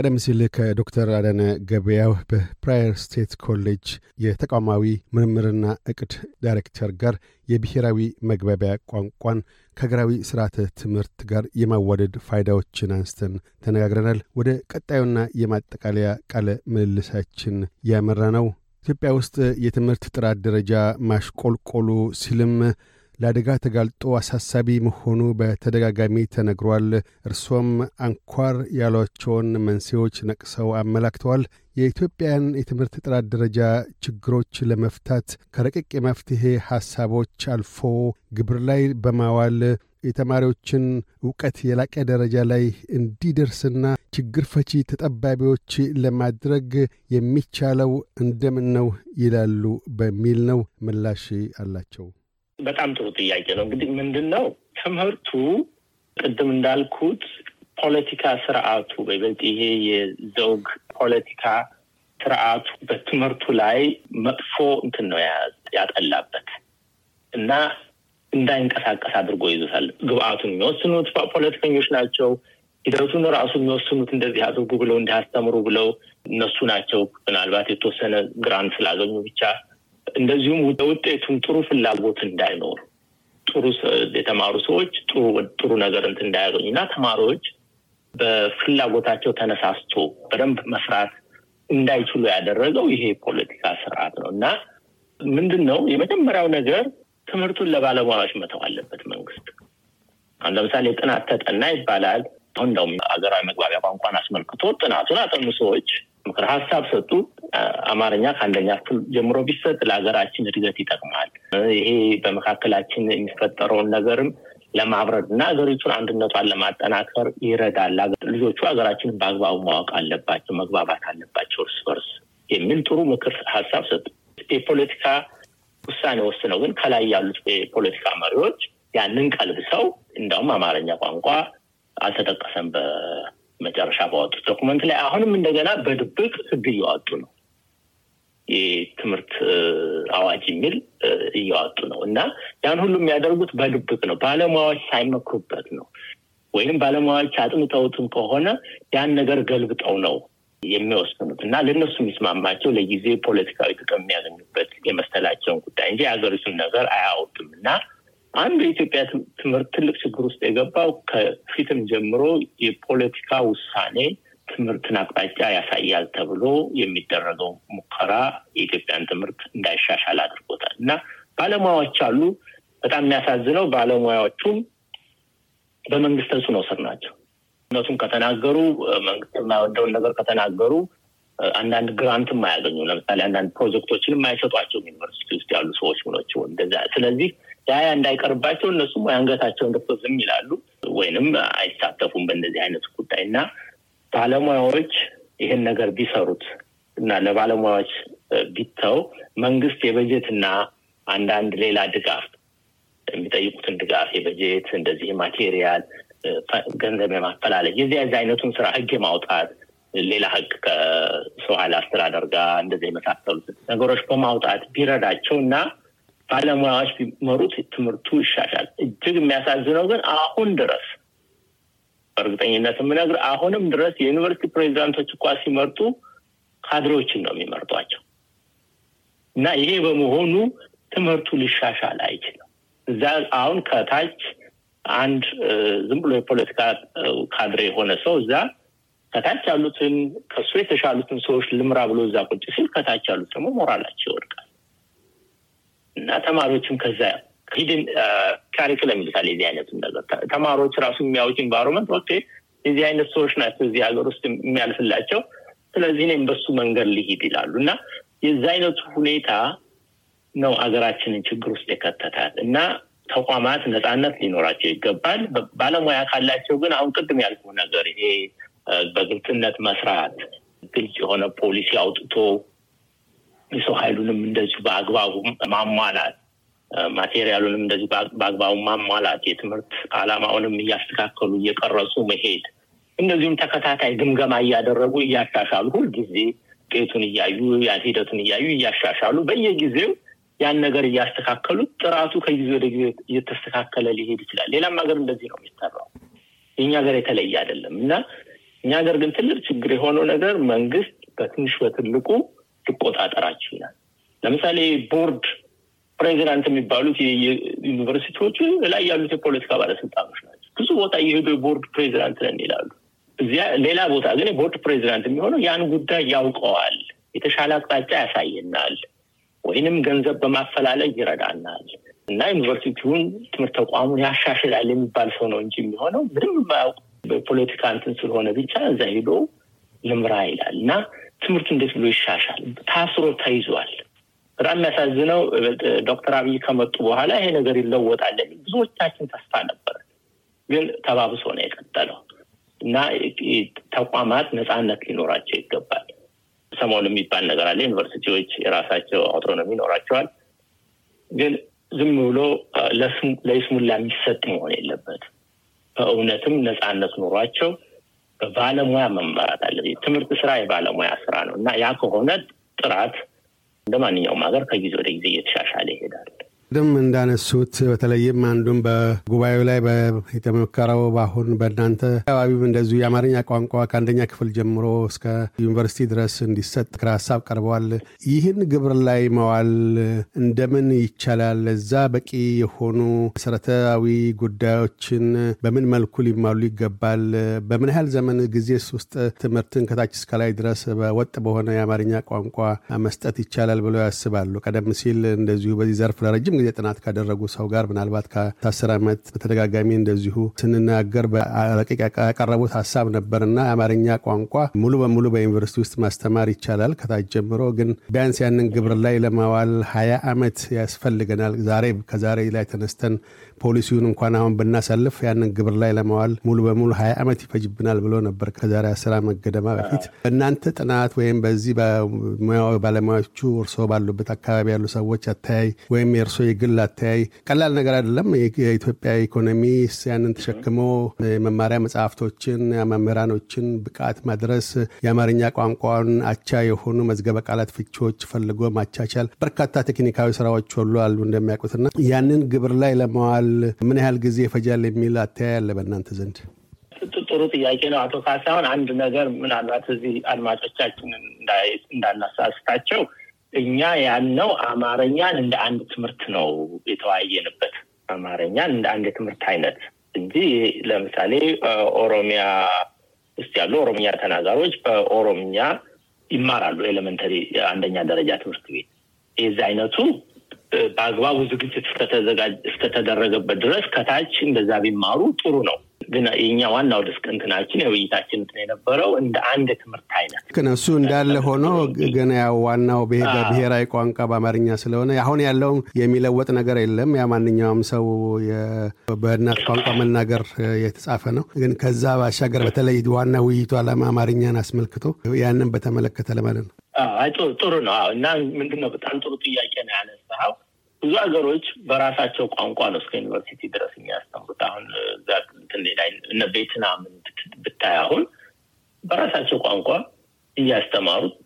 ቀደም ሲል ከዶክተር አዳነ ገበያው በፕራየር ስቴት ኮሌጅ የተቋማዊ ምርምርና እቅድ ዳይሬክተር ጋር የብሔራዊ መግባቢያ ቋንቋን ከሀገራዊ ስርዓተ ትምህርት ጋር የማዋደድ ፋይዳዎችን አንስተን ተነጋግረናል። ወደ ቀጣዩና የማጠቃለያ ቃለ ምልልሳችን ያመራ ነው። ኢትዮጵያ ውስጥ የትምህርት ጥራት ደረጃ ማሽቆልቆሉ ሲልም ለአደጋ ተጋልጦ አሳሳቢ መሆኑ በተደጋጋሚ ተነግሯል። እርሶም አንኳር ያሏቸውን መንስኤዎች ነቅሰው አመላክተዋል። የኢትዮጵያን የትምህርት ጥራት ደረጃ ችግሮች ለመፍታት ከረቂቅ የመፍትሔ ሐሳቦች አልፎ ግብር ላይ በማዋል የተማሪዎችን እውቀት የላቀ ደረጃ ላይ እንዲደርስና ችግር ፈቺ ተጠባቢዎች ለማድረግ የሚቻለው እንደምን ነው ይላሉ በሚል ነው ምላሽ አላቸው። በጣም ጥሩ ጥያቄ ነው። እንግዲህ ምንድን ነው ትምህርቱ ቅድም እንዳልኩት ፖለቲካ ስርዓቱ በይበልጥ ይሄ የዘውግ ፖለቲካ ስርዓቱ በትምህርቱ ላይ መጥፎ እንትን ነው ያጠላበት እና እንዳይንቀሳቀስ አድርጎ ይዞታል። ግብአቱን የሚወስኑት ፖለቲከኞች ናቸው። ሂደቱን ራሱ የሚወስኑት እንደዚህ አድርጉ ብለው እንዲያስተምሩ ብለው እነሱ ናቸው። ምናልባት የተወሰነ ግራንት ስላገኙ ብቻ እንደዚሁም ውጤቱም ጥሩ ፍላጎት እንዳይኖር ጥሩ የተማሩ ሰዎች ጥሩ ጥሩ ነገር እንት እንዳያገኙ እና ተማሪዎች በፍላጎታቸው ተነሳስቶ በደንብ መስራት እንዳይችሉ ያደረገው ይሄ የፖለቲካ ስርዓት ነው እና ምንድን ነው የመጀመሪያው ነገር ትምህርቱን ለባለሙያዎች መተው አለበት መንግስት። አሁን ለምሳሌ ጥናት ተጠና ይባላል። አሁን እንደውም ሀገራዊ መግባቢያ ቋንቋን አስመልክቶ ጥናቱን አጠኑ ሰዎች ምክር ሀሳብ ሰጡ። አማርኛ ከአንደኛ ክፍል ጀምሮ ቢሰጥ ለሀገራችን እድገት ይጠቅማል። ይሄ በመካከላችን የሚፈጠረውን ነገርም ለማብረድ እና ሀገሪቱን አንድነቷን ለማጠናከር ይረዳል። ልጆቹ ሀገራችንን በአግባቡ ማወቅ አለባቸው፣ መግባባት አለባቸው እርስ በርስ የሚል ጥሩ ምክር ሀሳብ ሰጡ። የፖለቲካ ውሳኔ ወስነው ግን ከላይ ያሉት የፖለቲካ መሪዎች ያንን ቀልብሰው እንደውም አማርኛ ቋንቋ አልተጠቀሰም በመጨረሻ ባወጡት ዶኩመንት ላይ አሁንም እንደገና በድብቅ ህግ እያወጡ ነው። የትምህርት አዋጅ የሚል እያወጡ ነው እና ያን ሁሉ የሚያደርጉት በድብቅ ነው። ባለሙያዎች ሳይመክሩበት ነው። ወይም ባለሙያዎች አጥንተውትም ከሆነ ያን ነገር ገልብጠው ነው የሚወስኑት እና ለእነሱ የሚስማማቸው ለጊዜ ፖለቲካዊ ጥቅም የሚያገኙበት የመሰላቸውን ጉዳይ እንጂ የሀገሪቱን ነገር አያወጡም እና አንዱ የኢትዮጵያ ትምህርት ትልቅ ችግር ውስጥ የገባው ከፊትም ጀምሮ የፖለቲካ ውሳኔ ትምህርትን አቅጣጫ ያሳያል ተብሎ የሚደረገው ሙከራ የኢትዮጵያን ትምህርት እንዳይሻሻል አድርጎታል እና ባለሙያዎች አሉ። በጣም የሚያሳዝነው ባለሙያዎቹም በመንግስት ነው ስር ናቸው። እውነቱን ከተናገሩ መንግስት የማይወደውን ነገር ከተናገሩ አንዳንድ ግራንትም አያገኙ። ለምሳሌ አንዳንድ ፕሮጀክቶችንም አይሰጧቸውም ዩኒቨርሲቲ ውስጥ ያሉ ሰዎች ሆኖቸው እንደዚ ስለዚህ ያ እንዳይቀርባቸው እነሱም ወይ አንገታቸውን ደፍተው ዝም ይላሉ ወይንም አይሳተፉም በእንደዚህ አይነት ጉዳይ እና ባለሙያዎች ይህን ነገር ቢሰሩት እና ለባለሙያዎች ቢተው መንግስት የበጀት እና አንዳንድ ሌላ ድጋፍ የሚጠይቁትን ድጋፍ የበጀት እንደዚህ ማቴሪያል ገንዘብ የማፈላለግ የዚህ ዚ አይነቱን ስራ ህግ የማውጣት ሌላ ህግ ከሰው ኃይል አስተዳደር ጋር እንደዚህ የመሳሰሉት ነገሮች በማውጣት ቢረዳቸው እና ባለሙያዎች ቢመሩት ትምህርቱ ይሻሻል። እጅግ የሚያሳዝነው ግን አሁን ድረስ በእርግጠኝነት የምነግር አሁንም ድረስ የዩኒቨርሲቲ ፕሬዚዳንቶች እኳ ሲመርጡ ካድሬዎችን ነው የሚመርጧቸው እና ይሄ በመሆኑ ትምህርቱ ሊሻሻል አይችልም። እዛ አሁን ከታች አንድ ዝም ብሎ የፖለቲካ ካድሬ የሆነ ሰው እዛ ከታች ያሉትን ከሱ የተሻሉትን ሰዎች ልምራ ብሎ እዛ ቁጭ ሲል ከታች ያሉት ደግሞ ሞራላቸው ይወድቃል እና ተማሪዎችም ከዛ ሂድን ካሪክለም ይሉታል የዚህ አይነቱን ነገር ተማሪዎች ራሱ የሚያዩት ኢንቫይሮንመንት ኦኬ የዚህ አይነት ሰዎች ናቸው እዚህ ሀገር ውስጥ የሚያልፍላቸው ስለዚህ እኔም በሱ መንገድ ልሂድ ይላሉ እና የዚ አይነቱ ሁኔታ ነው አገራችንን ችግር ውስጥ የከተታት እና ተቋማት ነፃነት ሊኖራቸው ይገባል። ባለሙያ ካላቸው ግን አሁን ቅድም ያልኩ ነገር ይሄ በግልጽነት መስራት፣ ግልጽ የሆነ ፖሊሲ አውጥቶ የሰው ኃይሉንም እንደዚሁ በአግባቡ ማሟላት፣ ማቴሪያሉንም እንደዚሁ በአግባቡ ማሟላት፣ የትምህርት አላማውንም እያስተካከሉ እየቀረጹ መሄድ እንደዚሁም ተከታታይ ግምገማ እያደረጉ እያሻሻሉ ሁልጊዜ ውጤቱን እያዩ ሂደቱን እያዩ እያሻሻሉ በየጊዜው ያን ነገር እያስተካከሉ ጥራቱ ከጊዜ ወደ ጊዜ እየተስተካከለ ሊሄድ ይችላል። ሌላም ሀገር እንደዚህ ነው የሚሰራው። የእኛ ሀገር የተለየ አይደለም እና እኛ ሀገር ግን ትልቅ ችግር የሆነው ነገር መንግስት በትንሽ በትልቁ ልቆጣጠራችሁ ይላል። ለምሳሌ ቦርድ ፕሬዚዳንት የሚባሉት ዩኒቨርሲቲዎቹ ላይ ያሉት የፖለቲካ ባለስልጣኖች ናቸው። ብዙ ቦታ የሄዱ የቦርድ ፕሬዚዳንት ነን ይላሉ። እዚያ ሌላ ቦታ ግን የቦርድ ፕሬዚዳንት የሚሆነው ያን ጉዳይ ያውቀዋል፣ የተሻለ አቅጣጫ ያሳየናል፣ ወይንም ገንዘብ በማፈላለግ ይረዳናል እና ዩኒቨርሲቲውን ትምህርት ተቋሙን ያሻሽላል የሚባል ሰው ነው እንጂ የሚሆነው ምንም ማያውቅ በፖለቲካ እንትን ስለሆነ ብቻ እዛ ሄዶ ልምራ ይላል እና ትምህርቱ እንዴት ብሎ ይሻሻል? ታስሮ ተይዟል። በጣም የሚያሳዝነው ዶክተር አብይ ከመጡ በኋላ ይሄ ነገር ይለወጣል ብዙዎቻችን ተስፋ ነበር፣ ግን ተባብሶ ነው የቀጠለው። እና ተቋማት ነፃነት ሊኖራቸው ይገባል። ሰሞን የሚባል ነገር አለ። ዩኒቨርሲቲዎች የራሳቸው አውቶኖሚ ይኖራቸዋል። ግን ዝም ብሎ ለይስሙላ የሚሰጥ መሆን የለበት። በእውነትም ነፃነት ኑሯቸው በባለሙያ መመራት አለበት። ትምህርት ስራ የባለሙያ ስራ ነው እና ያ ከሆነ ጥራት እንደ ማንኛውም ሀገር ከጊዜ ወደ ጊዜ እየተሻሻለ ይሄዳል። ቅድም እንዳነሱት በተለይም አንዱም በጉባኤው ላይ የተመከረው በአሁን በእናንተ አካባቢም እንደዚሁ የአማርኛ ቋንቋ ከአንደኛ ክፍል ጀምሮ እስከ ዩኒቨርሲቲ ድረስ እንዲሰጥ ክረ ሀሳብ ቀርበዋል። ይህን ግብር ላይ መዋል እንደምን ይቻላል? ለዛ በቂ የሆኑ መሰረታዊ ጉዳዮችን በምን መልኩ ሊሟሉ ይገባል? በምን ያህል ዘመን ጊዜ ውስጥ ትምህርትን ከታች እስከ ላይ ድረስ በወጥ በሆነ የአማርኛ ቋንቋ መስጠት ይቻላል ብለው ያስባሉ? ቀደም ሲል እንደዚሁ በዚህ ዘርፍ ለረጅም ረጅም ጊዜ ጥናት ካደረጉ ሰው ጋር ምናልባት ከታስር ዓመት በተደጋጋሚ እንደዚሁ ስንናገር በረቂቅ ያቀረቡት ሀሳብ ነበርና የአማርኛ ቋንቋ ሙሉ በሙሉ በዩኒቨርሲቲ ውስጥ ማስተማር ይቻላል ከታች ጀምሮ፣ ግን ቢያንስ ያንን ግብር ላይ ለማዋል ሀያ ዓመት ያስፈልገናል። ዛሬ ከዛሬ ላይ ተነስተን ፖሊሲውን እንኳን አሁን ብናሳልፍ ያንን ግብር ላይ ለመዋል ሙሉ በሙሉ ሀያ ዓመት ይፈጅብናል ብሎ ነበር ከዛሬ አስር ዓመት ገደማ በፊት። እናንተ ጥናት ወይም በዚህ ባለሙያዎቹ እርሶ ባሉበት አካባቢ ያሉ ሰዎች አተያይ ወይም የእርሶ የግል አተያይ ቀላል ነገር አይደለም። የኢትዮጵያ ኢኮኖሚ ያንን ተሸክሞ የመማሪያ መጽሐፍቶችን መምህራኖችን ብቃት ማድረስ የአማርኛ ቋንቋን አቻ የሆኑ መዝገበ ቃላት ፍቺዎች ፈልጎ ማቻቻል በርካታ ቴክኒካዊ ስራዎች ሁሉ አሉ እንደሚያውቁትና ያንን ግብር ላይ ለመዋል ይፈጃል? ምን ያህል ጊዜ ይፈጃል የሚል አተያይ አለ በእናንተ ዘንድ? ጥሩ ጥያቄ ነው አቶ ካሳሁን። አንድ ነገር ምናልባት እዚህ አድማጮቻችን እንዳናሳስታቸው እኛ ያልነው አማርኛን እንደ አንድ ትምህርት ነው የተወያየንበት፣ አማርኛን እንደ አንድ የትምህርት አይነት እንጂ ለምሳሌ ኦሮሚያ ውስጥ ያሉ ኦሮምኛ ተናጋሪዎች በኦሮምኛ ይማራሉ ኤሌመንተሪ አንደኛ ደረጃ ትምህርት ቤት የዚ አይነቱ በአግባቡ ዝግጅት እስከተደረገበት ድረስ ከታች እንደዛ ቢማሩ ጥሩ ነው። ግን የኛ ዋናው ድስቅ እንትናችን የውይይታችን እንትን የነበረው እንደ አንድ ትምህርት አይነት ግን እሱ እንዳለ ሆኖ ግን ያው ዋናው በብሔራዊ ቋንቋ በአማርኛ ስለሆነ አሁን ያለውም የሚለወጥ ነገር የለም። ያ ማንኛውም ሰው በእናት ቋንቋ መናገር የተጻፈ ነው። ግን ከዛ ባሻገር በተለይ ዋና ውይይቱ አላማ አማርኛን አስመልክቶ ያንን በተመለከተ ለማለት ነው። ጥሩ ነው እና ምንድነው በጣም ጥሩ ጥያቄ ነው ያነሳው ብዙ ሀገሮች በራሳቸው ቋንቋ ነው እስከ ዩኒቨርሲቲ ድረስ የሚያስተምሩት አሁን እነ ቬትናም ብታይ አሁን በራሳቸው ቋንቋ እያስተማሩት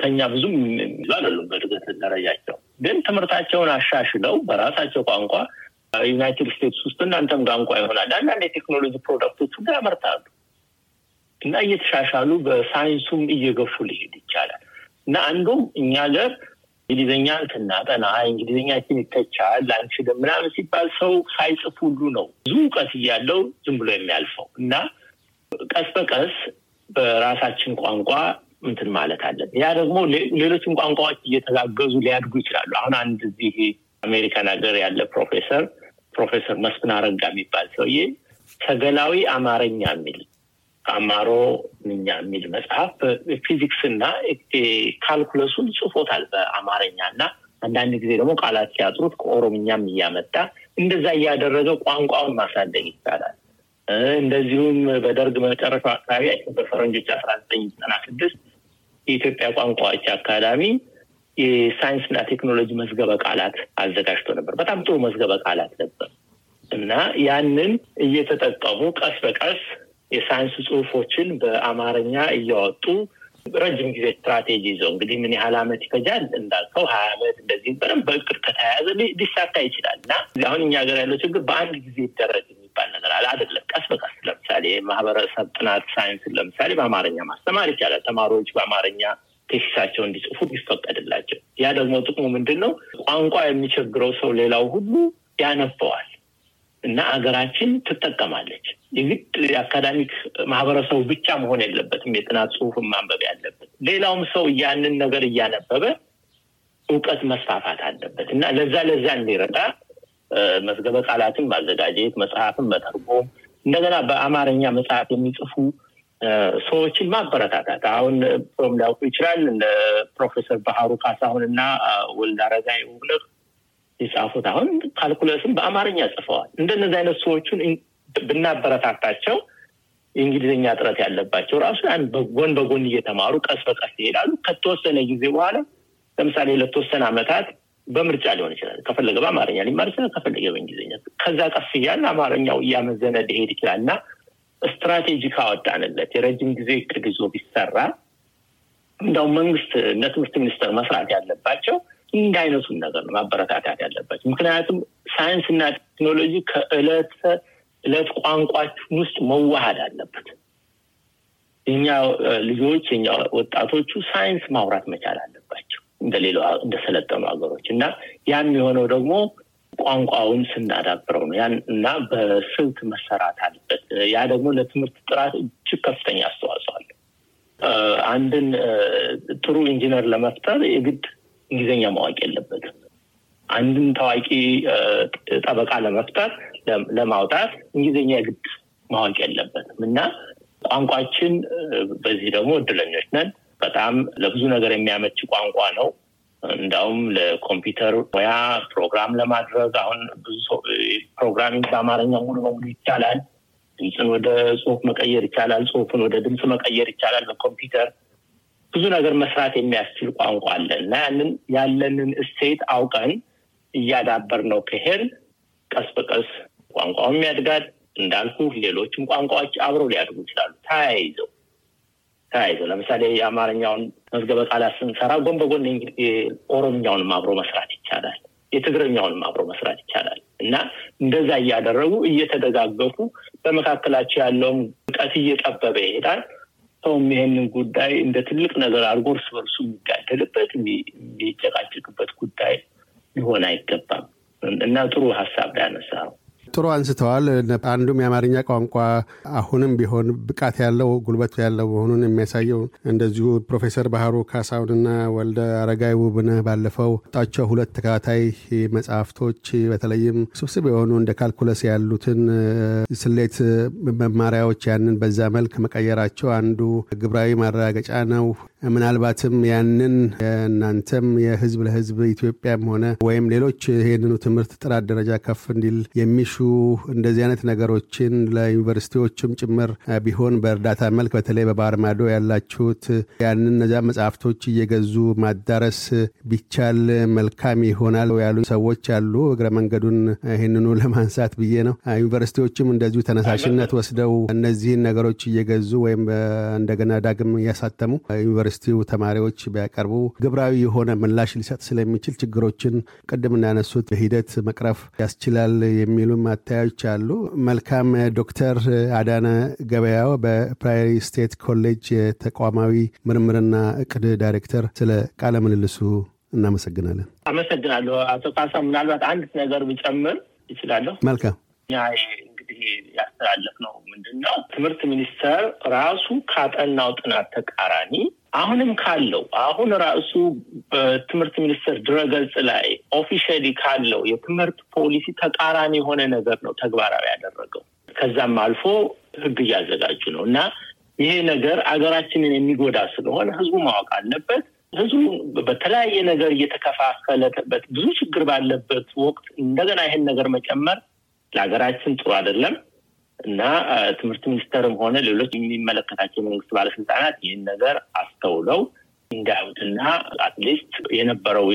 ከኛ ብዙም ብዙ አይደሉም በእድገት ደረጃቸው ግን ትምህርታቸውን አሻሽለው በራሳቸው ቋንቋ ዩናይትድ ስቴትስ ውስጥ እናንተም ቋንቋ ይሆናል አንዳንድ የቴክኖሎጂ ፕሮዳክቶቹ ጋር ያመርታሉ እና እየተሻሻሉ በሳይንሱም እየገፉ ሊሄድ ይቻላል እና አንዱም እኛ ጋር እንግሊዝኛን ስናጠና እንግሊዝኛችን ይተቻል አንቺ ምናምን ሲባል ሰው ሳይጽፍ ሁሉ ነው ብዙ እውቀት እያለው ዝም ብሎ የሚያልፈው እና ቀስ በቀስ በራሳችን ቋንቋ እንትን ማለት አለን። ያ ደግሞ ሌሎችም ቋንቋዎች እየተጋገዙ ሊያድጉ ይችላሉ። አሁን አንድ እዚህ አሜሪካን ሀገር ያለ ፕሮፌሰር ፕሮፌሰር መስፍን አረጋ የሚባል ሰውዬ ሰገላዊ አማረኛ የሚል አማሮ ኛ የሚል መጽሐፍ እና ካልኩለሱን ጽፎታል በአማርኛ እና አንዳንድ ጊዜ ደግሞ ቃላት ሲያጥሩት ከኦሮምኛም እያመጣ እንደዛ እያደረገ ቋንቋውን ማሳደግ ይቻላል። እንደዚሁም በደርግ መጨረሻው አካባቢ በፈረንጆች አስራ ዘጠኝ ዘጠና ስድስት የኢትዮጵያ ቋንቋዎች አካዳሚ የሳይንስና ቴክኖሎጂ መዝገበ ቃላት አዘጋጅቶ ነበር። በጣም ጥሩ መዝገበ ቃላት ነበር እና ያንን እየተጠቀሙ ቀስ በቀስ የሳይንስ ጽሁፎችን በአማርኛ እያወጡ ረጅም ጊዜ ስትራቴጂ ይዘው እንግዲህ ምን ያህል አመት ይፈጃል እንዳልከው ሀያ አመት እንደዚህ በደንብ በእቅድ ከተያያዘ ሊሳካ ይችላል እና አሁን እኛ ሀገር ያለው ችግር በአንድ ጊዜ ይደረግ የሚባል ነገር አለ አደለም ቀስ በቀስ ለምሳሌ የማህበረሰብ ጥናት ሳይንስን ለምሳሌ በአማርኛ ማስተማር ይቻላል። ተማሪዎች በአማርኛ ቴሲሳቸው እንዲጽፉ ቢፈቀድላቸው ያ ደግሞ ጥቅሙ ምንድን ነው? ቋንቋ የሚቸግረው ሰው ሌላው ሁሉ ያነበዋል። እና አገራችን ትጠቀማለች። የግድ የአካዳሚክ ማህበረሰቡ ብቻ መሆን የለበትም የጥናት ጽሁፍን ማንበብ ያለበት። ሌላውም ሰው ያንን ነገር እያነበበ እውቀት መስፋፋት አለበት እና ለዛ ለዛ እንዲረዳ መዝገበ ቃላትን ማዘጋጀት፣ መጽሐፍን መተርጎም፣ እንደገና በአማርኛ መጽሐፍ የሚጽፉ ሰዎችን ማበረታታት። አሁን ፕሮም ሊያውቁ ይችላል። ፕሮፌሰር ባህሩ ካሳሁን እና ወልድ አረጋይ የጻፉት አሁን ካልኩለስም በአማርኛ ጽፈዋል። እንደነዚህ አይነት ሰዎቹን ብናበረታታቸው የእንግሊዝኛ ጥረት ያለባቸው ራሱ ያን ጎን በጎን እየተማሩ ቀስ በቀስ ይሄዳሉ። ከተወሰነ ጊዜ በኋላ ለምሳሌ ለተወሰነ ዓመታት በምርጫ ሊሆን ይችላል። ከፈለገ በአማርኛ ሊማር ይችላል፣ ከፈለገ በእንግሊዝኛ። ከዛ ቀስ እያለ አማርኛው እያመዘነ ሊሄድ ይችላል እና ስትራቴጂ ካወጣንለት የረጅም ጊዜ እቅድ ይዞ ቢሰራ እንዲሁም መንግስት እነ ትምህርት ሚኒስቴር መስራት ያለባቸው እንደ ነገር ነው ማበረታታት ያለባቸው። ምክንያቱም ሳይንስና ቴክኖሎጂ ከእለት እለት ቋንቋችን ውስጥ መዋሃድ አለበት። እኛ ልጆች እኛ ወጣቶቹ ሳይንስ ማውራት መቻል አለባቸው እንደሌላ እንደሰለጠኑ ሀገሮች እና ያን የሆነው ደግሞ ቋንቋውን ስናዳብረው ነው ያን እና በስልት መሰራት አለበት። ያ ደግሞ ለትምህርት ጥራት እጅግ ከፍተኛ አስተዋጽኦ አለ። አንድን ጥሩ ኢንጂነር ለመፍጠር የግድ እንግሊዝኛ ማዋቂ የለበትም። አንድን ታዋቂ ጠበቃ ለመፍጠር ለማውጣት እንግሊዝኛ ግድ ማወቅ የለበትም እና ቋንቋችን በዚህ ደግሞ እድለኞች ነን። በጣም ለብዙ ነገር የሚያመች ቋንቋ ነው። እንዳውም ለኮምፒውተር ሙያ ፕሮግራም ለማድረግ አሁን ብዙ ፕሮግራሚንግ በአማርኛ ሙሉ በሙሉ ይቻላል። ድምፅን ወደ ጽሁፍ መቀየር ይቻላል። ጽሁፍን ወደ ድምፅ መቀየር ይቻላል በኮምፒውተር ብዙ ነገር መስራት የሚያስችል ቋንቋ አለ እና ያንን ያለንን እሴት አውቀን እያዳበር ነው ከሄድ ቀስ በቀስ ቋንቋውም ያድጋል እንዳልኩ ሌሎችም ቋንቋዎች አብረው ሊያድጉ ይችላሉ ተያይዘው ተያይዘው ለምሳሌ የአማርኛውን መዝገበ ቃላት ስንሰራ ጎን በጎን ኦሮምኛውንም አብሮ መስራት ይቻላል የትግርኛውንም አብሮ መስራት ይቻላል እና እንደዛ እያደረጉ እየተደጋገፉ በመካከላቸው ያለውም እውቀት እየጠበበ ይሄዳል ሰውም ይሄንን ጉዳይ እንደ ትልቅ ነገር አድርጎ እርስ በርሱ የሚጋደልበት የሚጨቃጭቅበት ጉዳይ ሊሆን አይገባም እና ጥሩ ሀሳብ ያነሳው ጥሩ አንስተዋል። አንዱም የአማርኛ ቋንቋ አሁንም ቢሆን ብቃት ያለው ጉልበት ያለው መሆኑን የሚያሳየው እንደዚሁ ፕሮፌሰር ባህሩ ካሳውንና ወልደ አረጋይ ውብነህ ባለፈው ጣቸው ሁለት ተከታታይ መጽሐፍቶች በተለይም ስብስብ የሆኑ እንደ ካልኩለስ ያሉትን ስሌት መማሪያዎች ያንን በዛ መልክ መቀየራቸው አንዱ ግብራዊ ማረጋገጫ ነው። ምናልባትም ያንን እናንተም የህዝብ ለህዝብ ኢትዮጵያም ሆነ ወይም ሌሎች ይህንኑ ትምህርት ጥራት ደረጃ ከፍ እንዲል የሚሹ እንደዚህ አይነት ነገሮችን ለዩኒቨርሲቲዎችም ጭምር ቢሆን በእርዳታ መልክ በተለይ በባህር ማዶ ያላችሁት ያንን እነዚያ መጽሐፍቶች እየገዙ ማዳረስ ቢቻል መልካም ይሆናል ያሉ ሰዎች አሉ። እግረ መንገዱን ይህንኑ ለማንሳት ብዬ ነው። ዩኒቨርሲቲዎችም እንደዚሁ ተነሳሽነት ወስደው እነዚህን ነገሮች እየገዙ ወይም እንደገና ዳግም እያሳተሙ ዩኒቨርሲቲው ተማሪዎች ቢያቀርቡ ግብራዊ የሆነ ምላሽ ሊሰጥ ስለሚችል ችግሮችን ቅድም እንዳነሱት በሂደት መቅረፍ ያስችላል የሚሉም ማታያዎች አሉ። መልካም ዶክተር አዳነ ገበያው በፕራይሪ ስቴት ኮሌጅ የተቋማዊ ምርምርና እቅድ ዳይሬክተር፣ ስለ ቃለ ምልልሱ እናመሰግናለን። አመሰግናለሁ አቶ ካሳ። ምናልባት አንድ ነገር ብጨምር ይችላለሁ? መልካም መፍትሄ ያስተላለፍ ነው ምንድን ነው ትምህርት ሚኒስቴር ራሱ ካጠናው ጥናት ተቃራኒ አሁንም ካለው አሁን ራሱ በትምህርት ሚኒስቴር ድረገጽ ላይ ኦፊሻሊ ካለው የትምህርት ፖሊሲ ተቃራኒ የሆነ ነገር ነው ተግባራዊ ያደረገው ከዛም አልፎ ህግ እያዘጋጁ ነው እና ይሄ ነገር አገራችንን የሚጎዳ ስለሆነ ህዝቡ ማወቅ አለበት ህዝቡ በተለያየ ነገር እየተከፋፈለበት ብዙ ችግር ባለበት ወቅት እንደገና ይህን ነገር መጨመር ለሀገራችን ጥሩ አይደለም እና ትምህርት ሚኒስቴርም ሆነ ሌሎች የሚመለከታቸው የመንግስት ባለስልጣናት ይህን ነገር አስተውለው እንዳዩትና አትሊስት የነበረው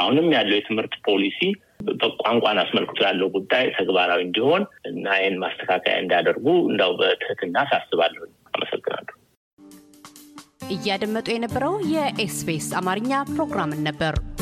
አሁንም ያለው የትምህርት ፖሊሲ በቋንቋን አስመልክቶ ያለው ጉዳይ ተግባራዊ እንዲሆን እና ይህን ማስተካከያ እንዳደርጉ እንዳው በትህትና ሳስባለሁ። አመሰግናለሁ። እያደመጡ የነበረው የኤስፔስ አማርኛ ፕሮግራምን ነበር።